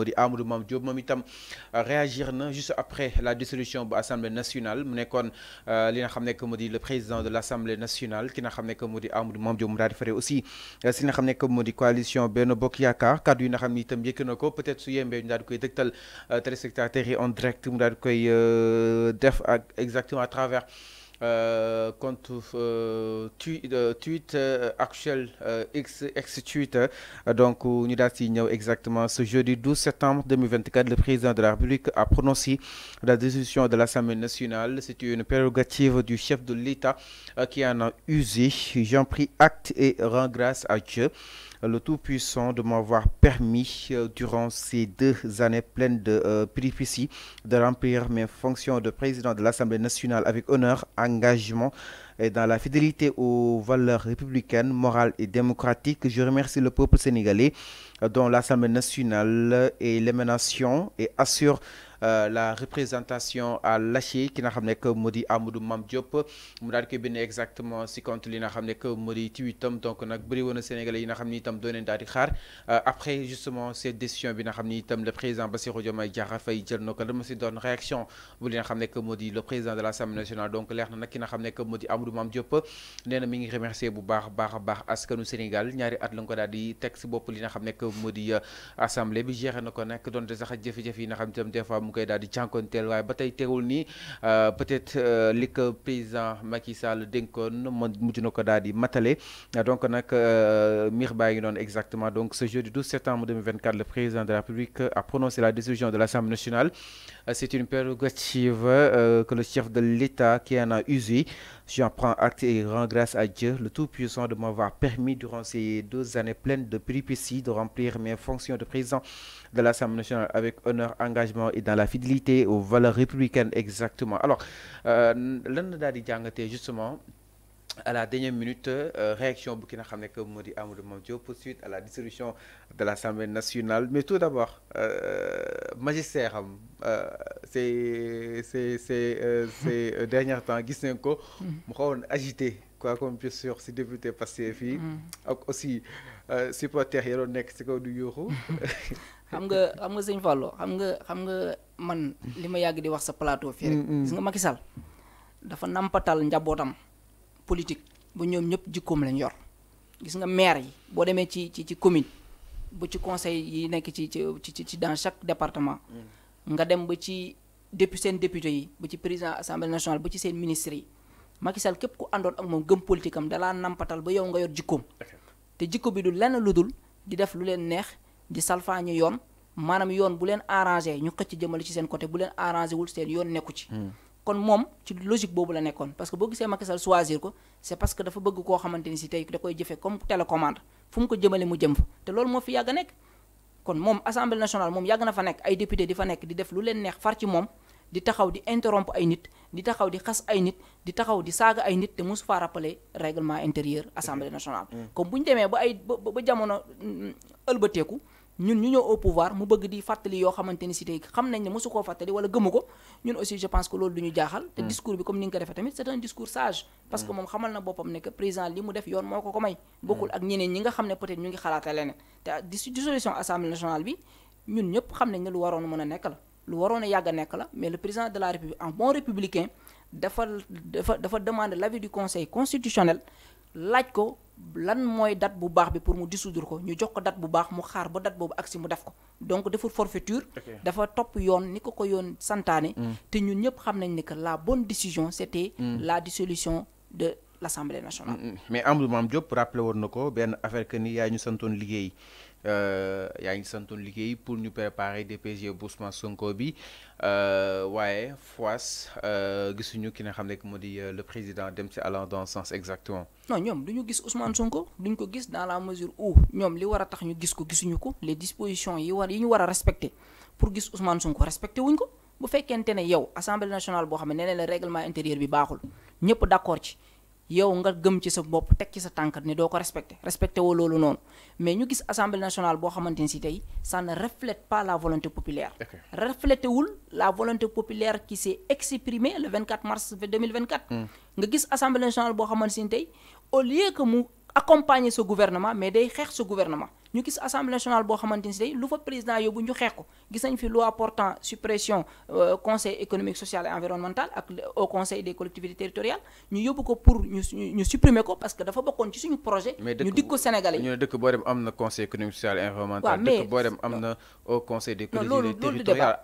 modi Amadou mam job moom itam euh, réagir na juste après la dissolution de l'Assemblée nationale mu nekkoon euh, li nga xamné ne que moo le président de l'Assemblée nationale ki nga xamné ne que modi Amadou mam job mu daal aussi euh, si nga xamné ne que modi coalition ben Bokk yakar kàddu yi nga xam ne itam yëkk ko peut être su yembee ñu daal di koy dëgtal téléspectateurs en direct mu koy def exactement à travers. Euh, au euh, euh, tweet euh, actuel ex ex donc nous daal exactement ce jeudi 12 septembre 2024 le président de la République a prononcé la décision de l'Assemblée nationale c'est une prérogative du chef de l'État qui en a usé j'en prie acte et rends grâce à Dieu le Tout-Puissant de m'avoir permis, euh, durant ces deux années pleines de euh, péripéties, de remplir mes fonctions de président de l'Assemblée nationale avec honneur, engagement et dans la fidélité aux valeurs républicaines, morales et démocratiques. Je remercie le peuple sénégalais euh, dont l'Assemblée nationale est l'émanation et assure euh, la représentation à lâché ki n'a ramené que Modi Amadou Mame Diop mu daal exactement si compte li nga xam que moo di donc on a woon na Sénégalais yi nga xam ni itam doon xaar euh, après justement cette décision bi n'a xam ni le président Bassirou Diomaye Diakhar Faye jël na ko dama si réaction bu li nga xam que moo le président de l'Assemblée nationale donc leer na nag ki nga xam nekk moo Amadou Mame Diop nee na mi ngi remercier bu baax a baax a baax askanu Sénégal ñaari at la nga ko daal di teg si bopp li nga xam nekk moo euh, assemblée bi géré na ko nag doon de sax jafe-jafe yi nga xam itam des fois batay ni euh, peut-être euh, les président Macky Sall denkon donc on a que exactement donc ce jeudi 12 septembre 2024 le président de la République a prononcé la décision de l'Assemblée nationale euh, c'est une prérogative que le chef de l'État qui en a usé j'en prends acte et rend grâce à Dieu le Tout-Puissant de m'avoir permis durant ces deux années pleines de péripéties de remplir mes fonctions de président de l'Assemblée nationale avec honneur engagement et dans la la fidélité aux valeurs républicaines exactement alors euh, l'un la daal justement à la dernière minute euh, réaction bu ki comme xam ne que suite à la dissolution de l'Assemblée nationale mais tout d'abord euh, magistère ces derniers temps qui nañ ko agité quoi qu'on puisse sur si députés passé mm-hmm. aussi supporters y a nekk du Yoru. xam nga xam nga xam man lima ma di wax sa plateau fi rek. Mm, mm. gis nga Macky Sall dafa nampatal njabotam politique bu ñom ñep jikkoom lañ yor gis nga maire yi bo démé ci ci ci commune bu ci conseil yi nek ci ci ci dans chaque département. Mm. nga dem ba ci depuis sen député yi bu ci président assemblée nationale bu ci sen ministre yi Macky Sall kep ku àndoon ak mom gëm politique am la nampatal ba yow nga yor jikkoom. te jikko bi du lenn ludul di def lu leen neex di salfañu yoon. maanaam yoon bu leen arrangé ñu xëcc jëmale ci seen côté bu leen arrangé wul seen yoon nekku ci. Hmm. kon moom ci logique boobu la nekkoon parce que boo gisee Macky Sall choisir ko c' est parce que dafa bëgg koo xamante si tey da koy jëfee comme télécommande fu mu ko jëmale mu jëm fa te lool moo fi yàgg a nekk. kon moom assemblée nationale moom yàgg na fa nekk ay député di fa nekk di def lu leen neex far ci moom di taxaw di interrompre ay nit di taxaw di xas ay nit di taxaw di saaga ay nit mosu faa rappeler règlement intérieur assemblée nationale. comme bu ñu demee ba ay ba ba ëlbateeku. ñun ñu ñëw au pouvoir mu bëgg di fàttali yoo xamante ni cité yi xam nañ ne mosu koo fàttali wala gëmu ko ñun aussi je pense que loolu du ñu jaaxal te hmm. discours bi comme ni nga ko defee tamit c'est un discours sage parce que hmm. moom xamal na boppam ne que président li mu def yoon moo ko ko may bokkul hmm. ak ñeneen ñi nga xam ne peut-être ñu ngi xalaata leneen te dissolution assemblée nationale bi ñun ñëpp xam nañ ne lu waroon mën a nekk la lu waroon a yàgg nekk la mais le président de la république en bon républicain dafa dafa dafa demander l'avis du conseil constitutionnel laaj ko lan mooy date bu baax bi pour mu dissoudre ko ñu jox ko date bu baax mu xaar ba date boobu agsi mu def ko donc deful forfaiture dafa topp yoon ni ko ko yoon santaane mm. te ñun ñëpp xam nañ ne que la bonne décision c'était mm. la dissolution de l'Assemblée nationale mm, mais Amadou Mame Diop rappelé woon na ko benn affaire que ni yaay ñu santoon liggéey une euh, ngi santoon liggéey pour nous préparer des bu Ousmane Sonko bi euh, waaye fois euh, gisuñu ki nga xam ne moo le président dem ci allant dans sens exactement. non ñoom du ñu gis Ousmane Sonko duñ ko gis dans la mesure où ñoom li wara tax ñu gis ko gisuñu ko les dispositions yi wara yi ñu wara respecter pour gis Ousmane Sonko respecter wuñ ko bu fekkente ne yow assemblée nationale bo xamné né nee la règlement intérieur bi baaxul ñëpp d'accord ci. yow nga gëm ci sa bopp teg ci sa tànkat ni doo ko respecté respecté woo loolu noonu mais ñu gis assemblée nationale boo xamante ni si tey sànn ne reflète pas la volonté populaire. reflété wul la volonté populaire qui s'est exprimée le 24 mars 2024. Hmm. nga gis assemblée nationale boo xamante ni tey au lieu que mu accompagner sa gouvernement mais day xeex sa gouvernement. ñu sommes assemblée nationale boo xamante nous si lu fa président yóbbu ñu xeex ko gis nañ fi loi portant suppression euh, conseil économique social et environnemental au conseil des collectivités territoriales Nous avons ko pour ñu ñu supprimer ko parce que dafa bokkoon ci suñu projet. ñu disons ko Sénégalais Nous disons dëkk boo dem conseil économique social et environnemental. nous mais dem au conseil des collectivités territoriales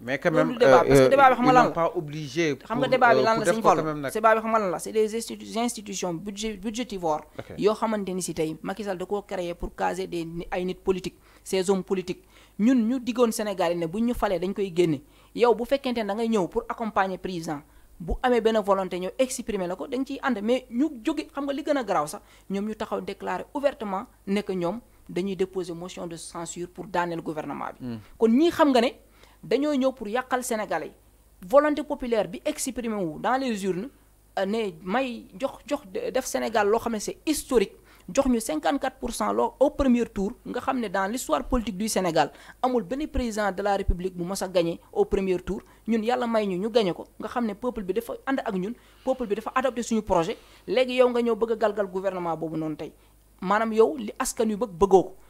mais quand même débat euh, parce que euh, débat euh, xam nga lan la pas obligé c'est nga débat bi xam nga la c'est des institutions budget budgétivores yo xamante ci tay Macky Sall dako créer pour caser des ay nit politique ces hommes politiques ñun ñu digone Sénégal né ne bu ñu falee dañ koy génne yow bu fekkenté da ngay ñëw pour accompagner président bu amé ben volonté ñëw exprimer lako dañ ci and mais ñu joggé xam nga li gëna graw sax ñom ñu taxaw déclarer ouvertement ne que ñoom dañuy déposer motion de censure pour daaneel gouvernement bi hmm. kon ñi xam nga né dañoo ñëw pour yàqal sénégalais volonté populaire bi exprimé wu dans les urnes euh, ne may jox jox def Sénégal loo xam ne c'est historique jox ñu 54 pour cent loo au premier tour nga xam ne dans l'histoire politique du Sénégal amul benn président de la République bu mës a gagné au premier tour ñun yàlla may ñu ñu gagné ko nga xam ne peuple bi dafa ànd ak ñun peuple bi dafa adopté suñu projet léegi yow nga ñëw bëgg a galgal gouvernement boobu noonu tey maanaam yow li askan wi bëgg bëggoo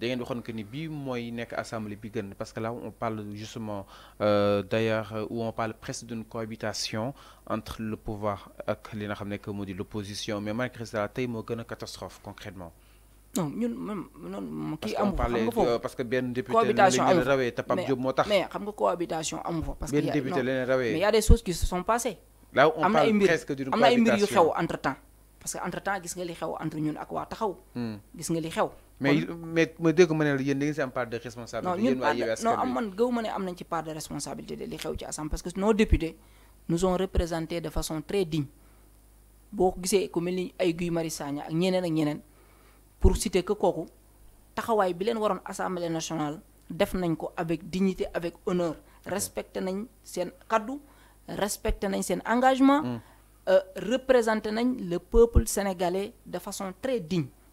da ngeen waxoon que ni bii mooy nekk assemblée bi gën parce que là on parle justement euh, d'ailleurs euh, où on parle presque d'une cohabitation entre le pouvoir ak li que l'opposition mais malgré ça tey moo gën catastrophe concrètement non ñun même non, kii amu fa xam euh, parce que bien député cohabitation amu fa mais xam nga cohabitation amu fa parce que benn député leen rawee mais y a des choses qui se sont passées là on parle presque d'une cohabitation entre parce que entre temps gis nga li xew entre ñun ak waa taxaw hmm. gis nga li xew mais mais ma dégg ma ne la yéen part de responsabilité. yéen waa Yewwi Askan Wi non ñun non man gëw ma ne am nañ ci part de responsabilité de li xew ci assemblée parce que nos députés nous ont représentés de façon très digne bo boo ko melni ay Guy Marius Sagna ak ñeneen ak ñeneen pour citer que kooku taxaway bi len waron assemblée nationale def nañ ko avec dignité avec honneur respecter nañ sen kaddu respecter nañ sen engagement. Mm. euh, représenter nañ le peuple sénégalais de façon très digne.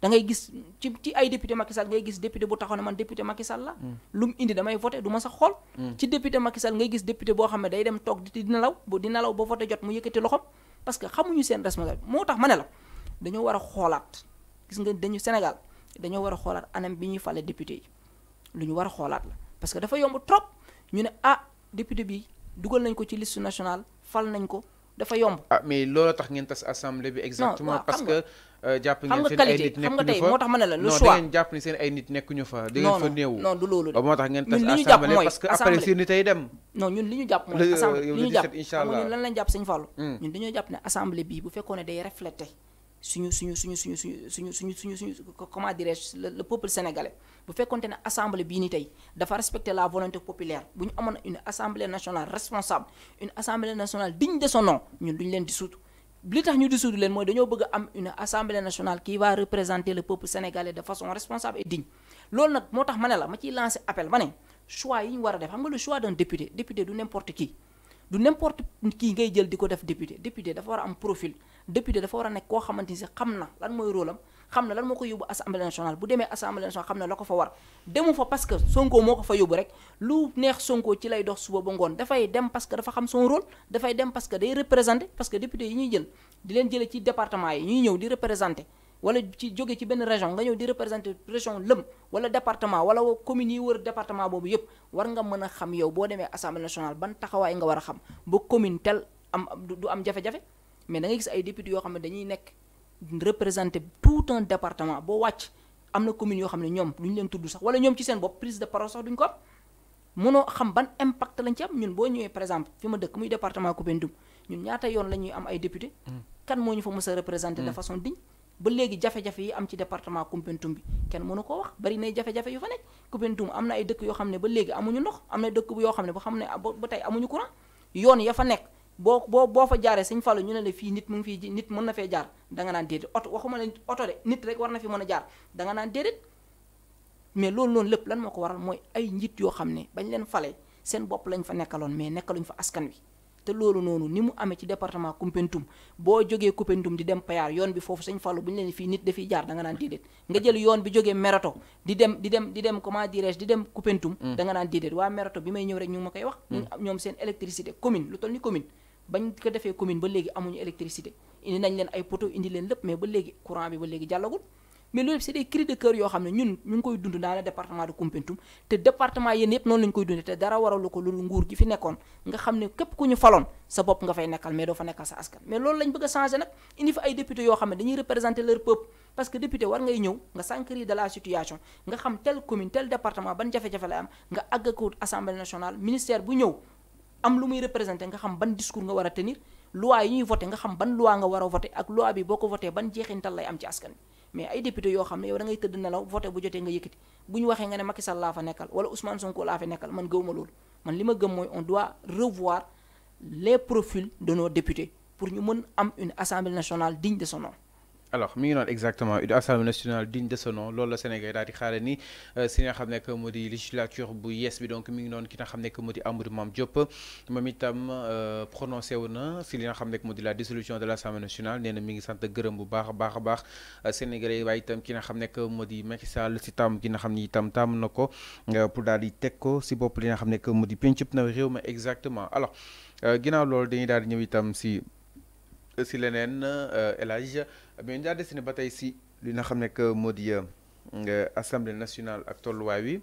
da ngay gis ci ci ay député Macky Sall ngay gis député bu taxaw ne man député Macky Sall la. Hmm. lu indi damay voté du ma sax xool. Hmm. ci député Macky Sall ngay gis député boo xam ne day dem toog di nelaw bu di nelaw ba voté jot mu yëkkati loxom parce que xamuñu seen responsable moo tax ma ne la dañoo war a xoolaat gis nga dañu Sénégal dañoo war a xoolaat anam bi ñuy falee député yi lu ñu war a xoolaat la parce que dafa yomb trop ñu ne ah député bi dugal nañ ko ci liste nationale fal nañ ko. dafa yomb. ah mais loolu tax ngeen tas assemblée bi. exactement parce que. Euh, jàpp ngeen seen ay nit nekkuñu moo tax ma ne la le choix jàpp ni seen ay nit nekkuñu fa. da ngeen fa néew non du loolu de. moo tax ngeen tas assemblée parce que après seen ñu jàpp mooy euh, assemblée li ñu jàpp hmm. bu fekkoon day refléter suñu suñu suñu comment dirais-je le peuple sénégalais bu compter une assemblée bii ni faire respecter la volonté populaire vous avez une assemblée nationale responsable une assemblée nationale digne de son nom nous duñu leen dissoudre li tax ñu dissoudre leen mooy une assemblée nationale qui va représenter le peuple sénégalais de façon responsable et digne L'on a moo mané la ma appel mané, choix yi ñu le choix d'un député député de n'importe qui du n'importe kii ngay jël di ko def député député dafa war a am profil député dafa war a nekk koo xamante xam na lan mooy rôle am xam na lan moo ko yóbbu assemblée nationale bu demee assemblée nationale xam na la ko fa war demu fa parce que Sonko moo ko fa yóbbu rek lu neex Sonko ci lay dox suba ba ngoon dafay dem parce que dafa xam son rôle dafay dem parce que day représenté parce que député yi ñuy jël di leen jëlee ci département yi ñuy ñëw di représenté wala ci jóge ci benn région nga ñëw di représenter région lëm wala département wala woo communes yi wër département boobu yëpp war nga mën a xam yow boo demee assemblée nationale ban taxawaay nga war a xam ba commune tel am du am jafe-jafe mais da ngay gis ay députés yoo xam ne dañuy nekk représenter tout un département boo wàcc am na commune yoo xam ne ñoom ñu leen tudd sax wala ñoom ci seen bopp prise de parole sax duñ ko am mënoo xam ban impact lañ ci am ñun boo ñëwee par exemple fi ma dëkk muy département Koumpentoum ñun ñaata yoon la ñuy am ay député mm. kan moo ñu fa mës a représenter de mm. ba léegi jafe-jafe yi am ci département Koumpentoum bi kenn mënu ko wax bari nay jafe-jafe yu fa nekk Koumpentoum am na ay dëkk yoo xam ne ba léegi amuñu ndox am na dëkk yoo xam ne ba xam ne ba tey amuñu courant yoon ya fa nekk boo boo boo fa jaaree Sëñ Fallu ñu ne la fii nit mu ngi fii nit mën na fee jaar danga naan déedéet oto waxuma la oto de nit rek war na fi mën a jaar danga naan déedéet mais loolu loolu lépp lan moo ko waral mooy ay yoo xam ne bañ leen fale seen bopp lañ fa nekkaloon mais nekkaluñ fa askan wi te loolu noonu ni mu amee ci département Koumpentoum boo jogee Koumpentoum di dem Payar yoon bi foofu sëñ Fallou bu ñu leen fii nit dafiy jaar danga nga naan déedéet nga jël yoon bi jógee Méréto di dem di dem di dem comment dirais di dem Koumpentoum mm. da nga naan déedéet waa Méréto bi may ñëw rek ñu ngi ma koy wax mm. ñoom seen électricité commune lu toll ni commune bañ ko defee commune ba léegi amuñu électricité indi nañ leen ay poteau indi leen lépp mais ba léegi courant bi ba léegi jàllagul mais loolu c'est des cris de cœur yoo xam ne ñun ñu ngi koy dund dans le département de Koumpentoum te département yéen yëpp noonu lañu koy dund te dara waralu ko loolu nguur gi fi nekkoon nga xam ne képp ku ñu faloon sa bopp nga fay nekkal mais doo fa nekkal sa askan mais loolu lañ bëgg a changer nag indi fa ay député yoo xam ne dañuy représenter leur peuple parce que député war ngay ñëw nga s'enquérir de la situation nga xam telle commune tel département ban jafe am nga àgg ko assemblée nationale muy représenter nga xam ban discours nga war a tenir loi yi ñuy ban loi nga a voté ak boo ko voté ban jeexintal lay am ci askan bi mais ay député yo xamné yow da ngay teud nelaw voté bu jotee nga yëkkati buñ waxé nga né Macky Sall la fa nekkal wala Ousmane Sonko la fa nekkal man gëwuma lool man lima gëm moy on doit revoir les profils de nos députés pour ñu mën am une assemblée nationale digne de son nom alors mi ngi noonu exactement une assemblée nationale digne de ce nom loolu la Sénégal daal di xaare ni euh, si nga xam ne que moo di législature bu yes bi donc mi ngi noonu ki nga xam ne que moo di Amadou mam Diop moom itam euh, prononcé wu na si li nga xam ne que moo di la dissolution de l' assemblée nationale nee na mi ngi sant gërëm bu baax a baax a baax euh, Sénégalais waaye itam ki nga xam ne que moo di Macky Sall si tàmm gi nga xam ni itam tàmm na ko pour daal di teg ko si bopp li nga xam ne que moo di pencub na réew ma exactement alors ginnaaw loolu dañuy daal di ñëw itam si. si leneen euh, El Hadj mais ñu ba tey si li nga xam ne que moo di euh, assemblée nationale ak tolluwaay wi.